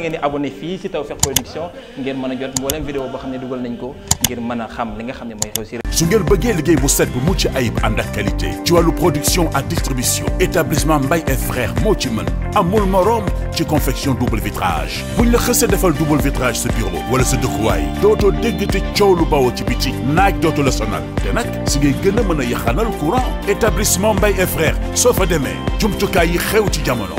ngeen di abonné fii ci Tawfekh Production ngeen mën a jot mboolem vidéo boo xam ne dugal nañ ko ngir mën a xam li nga xam ne mooy xew ci su ngeen bëggee liggéey bu set bu mucc ay ànd ak qualité ci wàllu production ak distribution établissement Mbaye et frères moo ci mën amul morom ci confection double vitrage buñ la xësee defal double vitrage sa bureau wala sa dëkkuwaay dootoo dégg te coow lu bawoo ci biti naaj dootu la sonal te nag si ngay gën a mën a yaxanal courant établissement Mbaye et frères soo fa demee jumtukaay yi xew ci jamono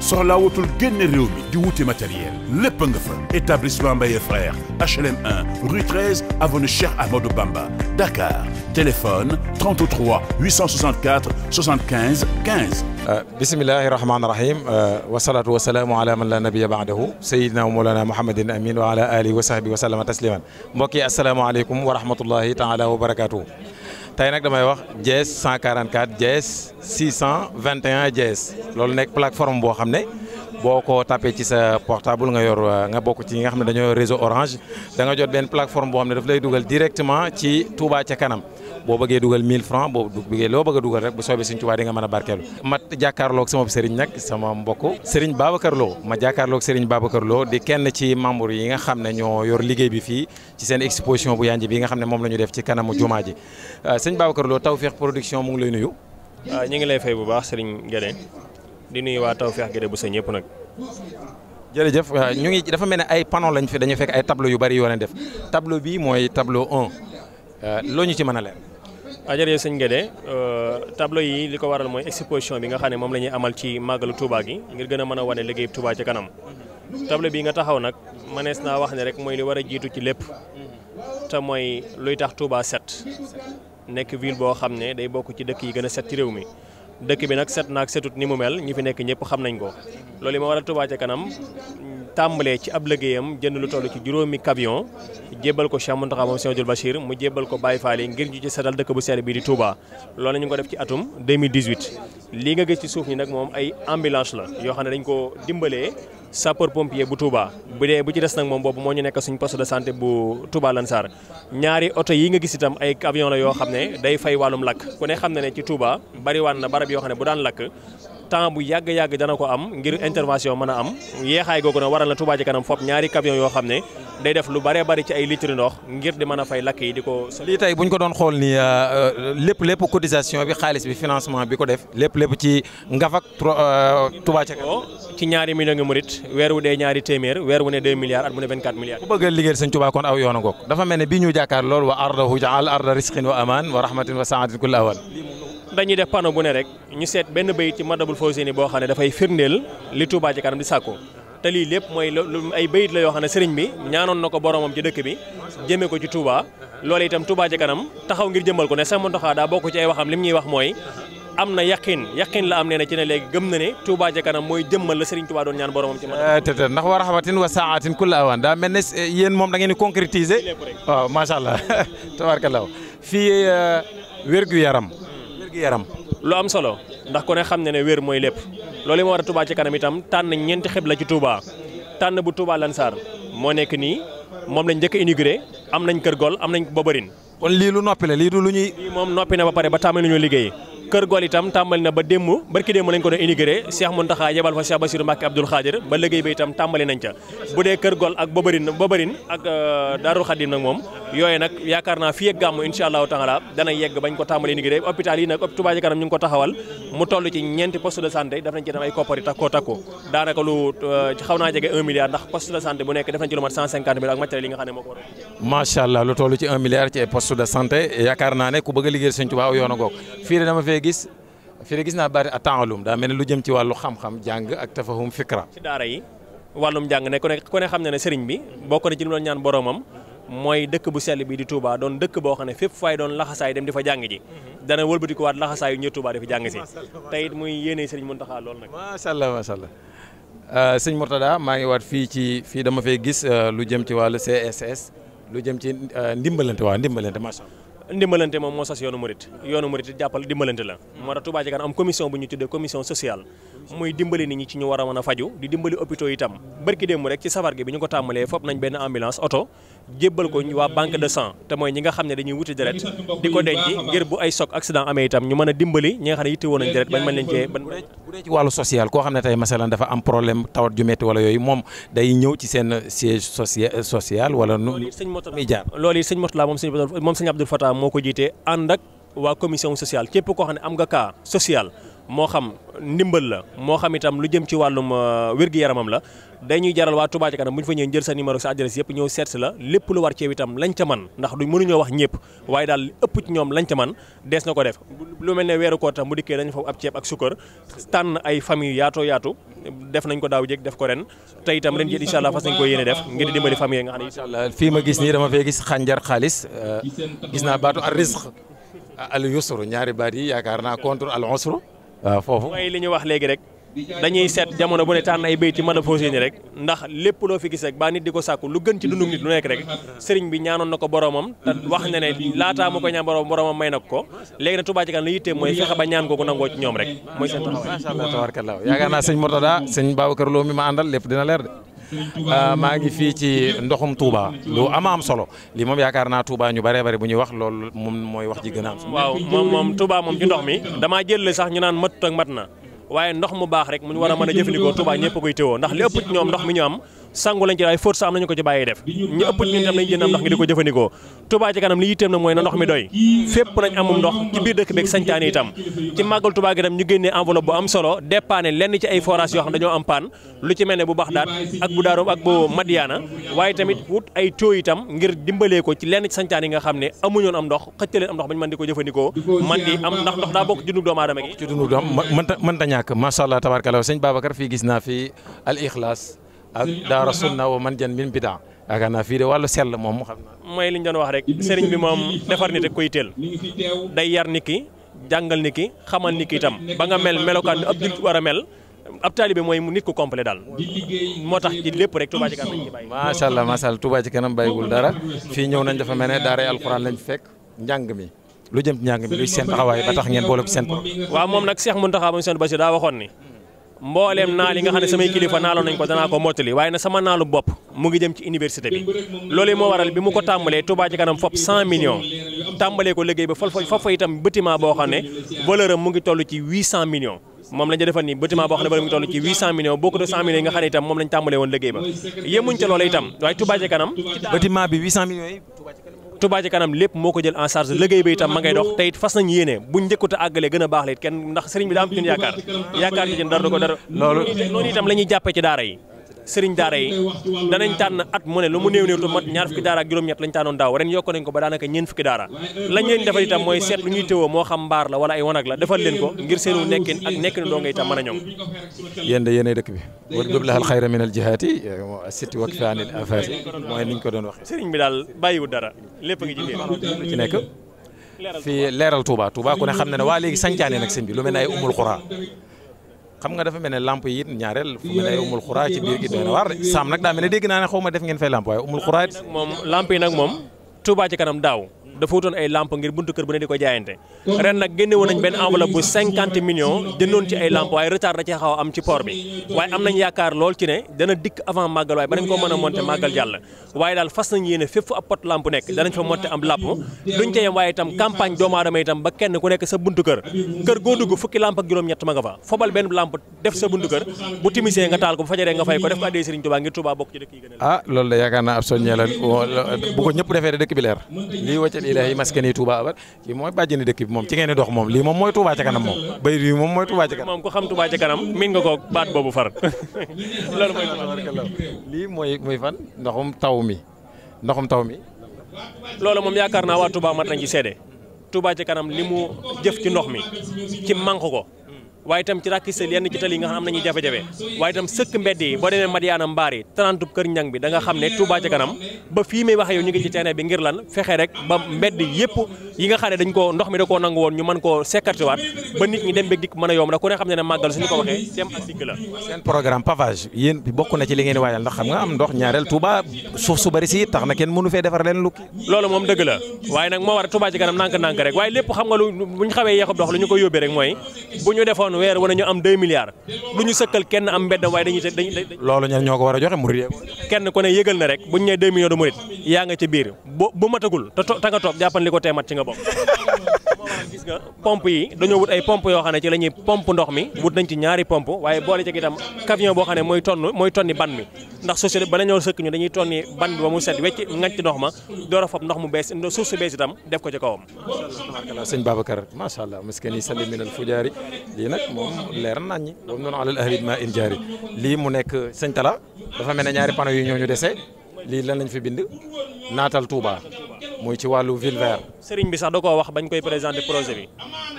soxlaa wutul génne réew mi di wuti matériel lépp nga fa établissement Mbaye frère HLM 1 rue 13 avenue Cheikh Amadou Bamba Dakar téléphone 33 864 75 15 bismillahi rahmaani rahim euh, wasalaatu wasalaamu ala man la nabiya baadahu sayidina wa moolana mouhamadin amin wa ala alihi wa sahbi wa sallama tasliman mbokk yi asalaamaaleykum wa rahmatullahi taala wa barakatuhu tey nag damay wax JS 144 JS 621 JS loolu nekk plateforme boo xam ne boo ko tapé ci sa portable nga yor euh, nga bokk ci ñi nga xam ne dañoo réseau Orange da nga jot benn plateforme boo xam ne daf lay dugal directement ci tuubaa ca kanam. boo bëggee dugal 1000 francs boo bëggee loo bëgg a dugal rek bu soobee Sëriñ Tuubaa di nga a barkeelu ma jàkkaarloog sama sëriñ nag sama mbokk Sëriñ Babacar ma jàkkaarloog Sëriñ Babacar Lo di kenn ci membre yi nga xam ne ñoo yor liggéey bi fii ci seen exposition bu yanj bi nga xam ne moom la ñu def ci kanamu jumaa ji euh, Sëriñ Babacar Lo Tawfekh Production mu ngi lay nuyu waaw euh, ñu ngi lay fay bu baax Sëriñ Guédé di nuyu waa Tawfekh Guédé bu sa ñëpp nag jërëjëf euh, ñu ngi dafa mel ne ay panneau lañ fi dañu fekk ay tableau yu bari yoo leen def tableau bi mooy tableau 1 loo ñu ci mën a leer jërëjëf sëñ Guédé euh, tableau yi li ko waral mooy exposition bi nga xam ne moom la ñuy amal ci màggalu Touba gi ngir gën a mën a wane liggéey Touba ci kanam tableau bi nga taxaw nag manees naa wax ne rek mooy li war a jiitu ci lépp te mooy luy tax Touba set nekk ville boo xam ne day bokk ci dëkk yi gën a set ci réew mi dëkk bi nag set naag setut ni mu mel ñi fi nekk ñëpp xam nañ ko loolu yi ma waral Touba ci kanam tàmbalee ci ab liggéeyam jënd lu toll ci juróomi camion jébbal ko Cheikh Mountakha moom Cheikh Abdoul mu jébbal ko Baye Fall yi ngir ñu ci setal dëkk bu sell bii di Touba loolu la ñu ko def ci atum 2018 lii nga gis ci suuf ñi nag moom ay ambulance la yoo xam ne dañ ko dimbalee sapeur pompier bu Touba bu dee bu ci des nag moom boobu moo ñu nekk suñ poste de santé bu Touba Lansar ñaari oto yi nga gis itam ay avion la yoo xam ne day fay wàllum lakk ku ne xam ne ne ci Touba bari waan na barab yoo xam ne bu daan lakk temps bu yàgg-yàgg dana ko am ngir intervention mën a am yeexaay googu na waral na Touba Ca Kanam fop ñaari camion yoo xam ne day def lu bare bari ci ay litre ndox ngir di mën fay lakk yi di ko. lii bu ñu ko doon xool ni euh, lépp lépp cotisation bi xaalis bi financement bi ko def lépp lépp ci ngafak euh, Touba Ca Kanam ci ñaari millions murit weer wu dee ñaari téeméer weer wu ne 2 milliards at bu a liggéeyal a ne bii ñu jàkkaar lool wa ardahu jaal arda dañuy def panneau bu ne rek ñu seet benn bayit ci Matlaboul Fawzeyni boo xam ne dafay firndeel li Touba Ca Kanam di sàkku te lii lépp mooy ay bayit la yoo xam ne sëriñ bi ñaanoon na ko boromam ci dëkk bi jëmee ko ci Touba loolu itam Touba Ca Kanam taxaw ngir jëmal ko ne sax Muntaxa daa bokk ci ay waxam lim ñuy wax mooy am na yaqin yaqin la am nee na ci ne léegi gëm na ne Touba Ca Kanam mooy jëmmal la sëriñ Touba doon ñaan boromam ci ma eh, te te ndax wa rahmatin wa saatin kulli awaan daa mel ne eh, yéen moom da ngeen di concrétiser waaw macha allah tabaarkalla fii eh, wér-gu-yaram lu am solo ndax ku ne xam ne ne wér mooy lépp loolu moo war a Touba ci kanam itam tànn ñeenti xibla ci Touba tànn bu Touba Lansar moo nekk nii moom lañ jëkk a am nañ kër gol am nañ ba bërin kon lii lu noppi la lii du lu ñuy. lii moom noppi na ba pare ba tàmbali ñu liggéey kër gool itam tàmbali na ba démb barki démb lañ ko doon inauguré Cheikh Mountakha yebal fa Cheikh Bassirou Mbacké Abdoul Khadir ba liggéey ba itam tàmbali nañ ca bu dee kër gool ak Bobarin Bobarin ak euh, Daarul Khadim nag moom yooyu nag yaakaar naa fii gàmmu insha euh, allah lu toll ci milliard ci ay poste de santé yaakaar naa ne ku bëgg a liggéey Sëñ Tuubaa yoon a goog fee gis fii de gis naa baati a taalum daa mel ne lu jëm ci wàllu xam-xam jàng ak tafahum fikra ci daara yi wàllum jàng ne ku ne ku ne xam ne ne sëriñ bi bokk na ci lu doon ñaan boromam mooy dëkk bu sell bi di Touba doon dëkk boo xam ne fépp fay doon laxasaay dem di fa jàng ji mhm. dana wëlbatikuwaat laxasaay yu di fa jàng si muy yéene sëriñ Mountakha loolu nag macha allah euh, sëñ Mourtada maa ngi waat fii ci fii dama fay gis euh, lu jëm ci wàllu CSS lu jëm ci euh, ndimbalante waaw ndimbalante ndimbalante moom moo sas yoonu murit yoonu murit jàppal dimbalante la moo tax Touba Ca Kanam am commission bu ñu tuddee commission sociale muy dimbali nit ñi ci ñu war a mën a faju di dimbali hôpitaux itam bërki démb rek ci safar gi bi ñu ko tàmbalee fopp nañ benn ambulance oto jébbal ko waa banque de sang te mooy ñi nga xam ne dañuy wuti deret di ko denc ngir bu ay soog accident amee itam ñu mën a dimbali ñi nga xam ne yitte woon nañ deret bañ mën leen cee ban bu dee ci wàllu social koo xam ne tey masalan dafa am problème tawat ju metti wala yooyu moom day ñëw ci seen siège social euh, social wala nu sëñ Mota muy jaar loolu yi sëñ Mota moom sëñ moom sëñ moo ko jiitee ànd ak waa commission sociale képp koo xam ne am nga cas social moo xam ndimbal la moo xam itam lu jëm ci wàllum euh, wér-gu-yaramam la dañuy jaral waa Touba Ca Kanam bu ñu fa ñëwee jël sa numéro sa adresse yëpp ñëw seet si la lépp lu war ceew itam lañ ca man ndax duñ mënuñoo wax ñëpp waaye daal li ci lañ ca man dees na ko def lu mel ne weeru koor tam bu dikkee dañu fa ab ak sukkar tànn ay famille yaatoo yaatu def nañ ko daaw jéeg def ko ren te itam ren jii incha allah fas nañ ko yéene def ngir dimbali famille nga xam ne incha allah fii ma gis nii dama fee gis xànjar xaalis euh, gis naa baatu ar rizq al yusru ñaari baat yi yaakaar naa contre al usru waaw foofu mooy li ñu wax léegi rek dañuy seet jamono bu ne tànn ay béy ci mën a fausé ni rek ndax lépp loo fi gis rek baa nit di ko sàkku lu gën ci dundu nit lu nekk rek sëriñ bi ñaanoon na ko boromam te wax na ne laataa mu ko ñaan borom boromam may na ko léegi nag Touba Ca Kanam la yittee mooy fexe ñaan ko kooku nangoo ci ñoom rek mooy seen taxawaay. macha allah tabaarkalla yaakaar naa sëñ Murtada sëñ Babacar Lo mi ma àndal lépp dina leer de Euh, maa ngi fii ci ndoxum Touba lu ama am solo lii moom yaakaar naa Touba ñu bare bare bu ñuy wax lool moom mooy wax ji am solo. waaw moom moom Touba moom ci ndox mi damaa jël sax ñu naan matut ak mat na waaye ndox mu baax rek mu ñu war a mën a jëfandikoo Touba ñëpp koy teewoo ndax li ëpp ci ñoom ndox mi ñu am sangu lañ ci waaye force am nañu ko ci bàyyi def ñu ëpp ñun tam lañ jënd am ndox ngi di ko jëfandikoo Touba ci kanam li yitteem na mooy na ndox mi doy fépp nañ amum ndox ci biir dëkk beeg santaane itam ci màggal am solo dépanne lenn ci ay forage yoo xam dañoo am paan lu ci mel ne bu Baxdaad ak bu Daaroom ak bu Madiana waaye tamit wut ay taux itam ngir dimbalee ko ci lenn ci santaane yi nga xam ne amuñoon am ndox xëccaleen am ndox bañ mën di ko jëfandikoo man di am ndax ndox daa bokk ci dundu doom mënta ñàkk masha Allah tabaarkalla sëñ Babacar fii gis naa fii al Ikhlas daara sunna wa man jan min bidaa yaakaar naa fii de wàllu sell moom mu xam naa mooy li ñu doon wax rek sëriñ bi moom defar nit ak koy teel day yar nit ki jàngal nit ki xamal nit ki itam ba nga mel melokaan ab jullit war a mel ab taalibe mooy nit ku complet daal moo tax ji lépp rek Touba ci kanam ci bàyyi macha allah macha allah Touba ci kanam bàyyiwul dara fii ñëw nañ dafa mel ne daara alxuraan lañ fekk njàng mi lu jëm ci njàng mi luy seen taxawaay ba tax ngeen boole ko seen waaw moom nag Cheikh ni mbooleem naal yi nga xam ne samay kilifa naaloon nañ ko danaa ko mottali waaye na sama naalu bopp mu ngi jëm ci université bi loolu moo waral bi mu ko tàmbalee Touba ci kanam fop 100 millions tàmbalee ko liggéey ba fa fa itam bâtiment boo xam ne valeur am mu ngi toll ci 800 millions moom lañ ca defal nii bâtiment boo xam ne valeur mu ngi toll ci 800 millions boo ko de 100 yi nga xam ne itam moom lañ tàmbalee woon liggéey Touba Ca Kanam lépp moo ko jël en charge liggéey bi itam ma ngay dox te fas nañu yéene buñ njëkkut a àggalee gën a baax la kenn ndax sëriñ bi daa am ñun yaakaar yaakaar ci dara du ko dara loolu itam la ñuy jàppee ci daara yi sëriñ daara yi danañ tànn at mu ne lu mu néew néew to mat ñaar fukki daara ak juróom-ñett lañ tànnoon daaw ren yokk nañ ko ba daanaka ñeen fukki daara euh, lañ leen defal itam mooy seet lu ñuy tëwoo moo xam mbaar la wala ay wanag la defal leen ko ngir seenu nekkin ak nekkin doo nga itam mën a ñoom yéen de yéenay dëkk bi war dub lahal xayra min al jihaati sitti wakfi anil afaati mooy niñ ko doon waxee sëriñ bi daal bàyyiwu dara lépp a ngi ci nekk fii leeral Touba Touba ku ne xam ne ne waa léegi sancaane nag sëñ bi lu mel ne ay umul xam nga dafa mel ne lamp yi it ñaareel fu mel ne umul xuraa ci biir de saam nag daa mel ne dégg naa ne xaw ma def ngeen fay lamp waaye umul xuraa moom lamp yi nag moom Touba ci kanam daaw dafa wutoon ay lamp ngir buntu kër bu ne di ko jaayante ren nag génne nañ benn enveloppe bu 50 millions jëndoon ci ay lamp waaye retard da ci xaw am ci port bi waaye am nañ yaakaar lool ci ne dana dikk avant màggal waaye ba nañ koo mën a monter màggal jàll waaye daal fas nañ yéene fépp fu ab pot nekk danañ fa monter am làpp duñ ca waaye itam campagne doomu itam ba kenn ku nekk sa buntu kër kër dugg fukki lamp juróom-ñett ma ilaahi maskani Touba abar kii mooy bàjjeni dëkk bi moom ci ngeen di dox moom lii moom mooy Touba ca kanam moom mooy ku xam Touba ca kanam min nga ko baat boobu far loolu mooy lii fan ndoxum taw mi ndoxum taw mi loolu moom yaakaar naa waa Touba mat nañ ci seede Touba ca kanam li mu jëf ci ndox mi ci manque ko waaye tam ci ràkki sel yenn ci tali yi nga xam am jafe-jafe waaye itam sëkk mbedd yi boo demee Madiana Mbaar yi trente kër ñang bi da nga xam ne Touba ca kanam ba fii may ngi ci terrain bi ngir lan fexe rek ba mbedd yëpp yi nga xam ne dañ woon ñu mën koo sekkartiwaat ba nit ñi dem beeg dikk mën a yomb nag ku ne xam ne bokk na ci li ngeen di waajal ndax xam am ndox ñaareel Touba suuf su bari si tax na kenn mënu fee defar leen lu loolu moom dëgg la waaye nag moo war a kanam nank-nank rek waaye lépp xam nga lu buñ xawee yeexub dox lu ñu ko yóbbee rek mooy bu ñu defoon weer wala ñu am 2 milliards du ñu sëkkal kenn am mbedd waaye dañuy dañuy. loolu ñoo ko war a joxe murid kenn ku ne yëgal na rek bu ñu nee 2 millions de murid yaa nga ci biir bu bu matagul te ta nga toog jàppan li ko teemat ci nga bokk. gis yi dañoo wut ay pompe yoo xam ne ci la ñuy pompe ndox mi wut nañ ci ñaari pompe waaye boole ci itam camion boo xam ne mooy tonn mooy tonni ban mi ndax société bala ñoo sëkk ñu dañuy tonni ban bi ba mu set ma door a fab ndox mu bees suuf su bees itam def ko ci kawam. macha allah sëñ Babacar macha allah miskin yi salli minal fujaari moom leer nañ ñi moom noonu alal ahli ma in lii mu nekk sëñ Talla dafa mel ne ñaari panneau yi ñoo ñu dese lii lan lañ fi bind naatal Touba muy ci wàllu ville verte. sëriñ bi sax da koo wax bañ koy présenter projet bi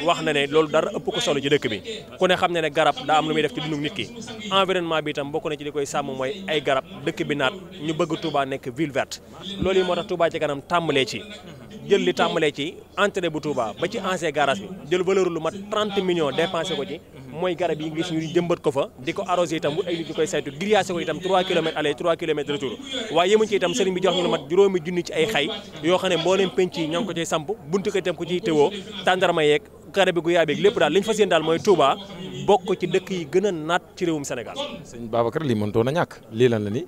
wax na ne loolu dara ëpp ko solo ci dëkk bi ku ne xam ne ne garab daa am lu muy def ci dundu nit ki environnement bi itam bokk na ci li koy sàmm mooy ay garab dëkk bi naat ñu bëgg Touba nekk ville vert loolu yi moo tax Touba ci kanam tàmbalee ci. jël li tàmbalee ci entre bu Touba ba ci ancien garage bi jël valeur lu mat 30 millions dépensé ko ci mooy garab yi ngis ñu jëmbat ko fa di ko arrosé itam wut ay nit ñu koy saytu grillacé ko itam 3 kilomètres aller 3 kilomètres retour waaye yëmuñ ci itam sëriñ bi jox ñu lu mat juróomi junni ci ay xay yoo xam ne mbooleem penc yi ñoo ngi ko ciy samp buntu ko itam ko ciy tëwoo tàndarma yeeg garab bi gu yaabeeg lépp daal li fa fas yéene daal mooy Touba bokk ci dëkk yi gën a naat ci réewum Sénégal sëñ Babacar lii mëntoo na ñàkk lii lan la ni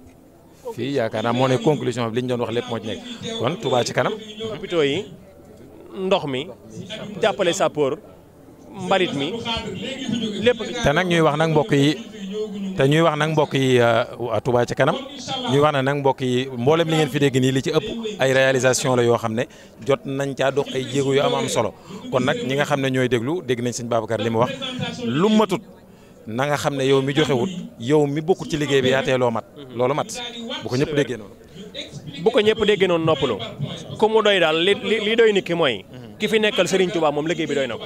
fii yaakaar naa moo ne conclusion bi li ñu doon wax lépp moo nekk kon Touba ci kanam. hôpitaux yi ndox mi jàppale sapeur mbalit mi lépp. te nag ñuy wax nag mbokk yi te ñuy wax nag mbokk yi euh, Touba ci kanam ñuy wax nag mbokk yi mboolem li ngeen fi dégg nii li ci ëpp ay réalisation la yoo xam ne jot nañ caa dox ay jéego yu am am solo kon nag ñi nga xam ne ñooy déglu dégg nañ sëñ Babacar li mu wax lu nanga xam ne yow mi joxewut yow mi bokkut ci liggéey bi yaa loo mat loolu mat bu ko ñëpp déggee noonu. bu ko ñëpp déggee noonu noppaloo ku mu doy daal li li doy nit ki mooy. ki fi nekkal Serigne Touba moom liggéey bi doy na ko.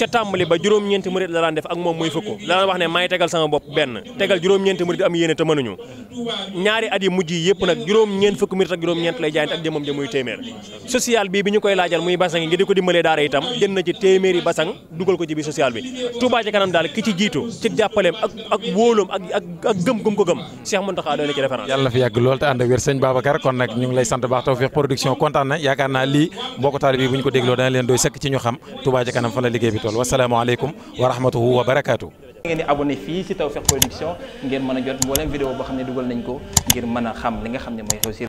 ca tàmbali ba juróom-ñeenti murid la daan def ak moom muy fukk la wax ne maay tegal sama bopp benn tegal juróom-ñeenti murid am yéene te ñaari at mujj yi nag juróom-ñeent fukk murid ak juróom-ñeent lay jaayante ak jëmam ja ko dimbalee daara itam jënd na ci téeméeri basang dugal ko ci biir social bi Touba ci kanam daal ki ci jiitu ci jàppaleem ak ak wóoloom ak gëm gëm ko gëm Cheikh Mountakha doy na ci référence yàlla na fi yàgg lool te ànd ak wér sëñ Babacar kon nag ñu lay sant baax Tawfekh Production toll wasalaamaaleykum wa rahmatuhu wa barakaatu. ngeen di abonné fii ci Tawfekh Production ngeen mën a jot mboolem vidéo boo xam ne dugal nañ ko ngir mën a xam li nga xam ne mooy réussir.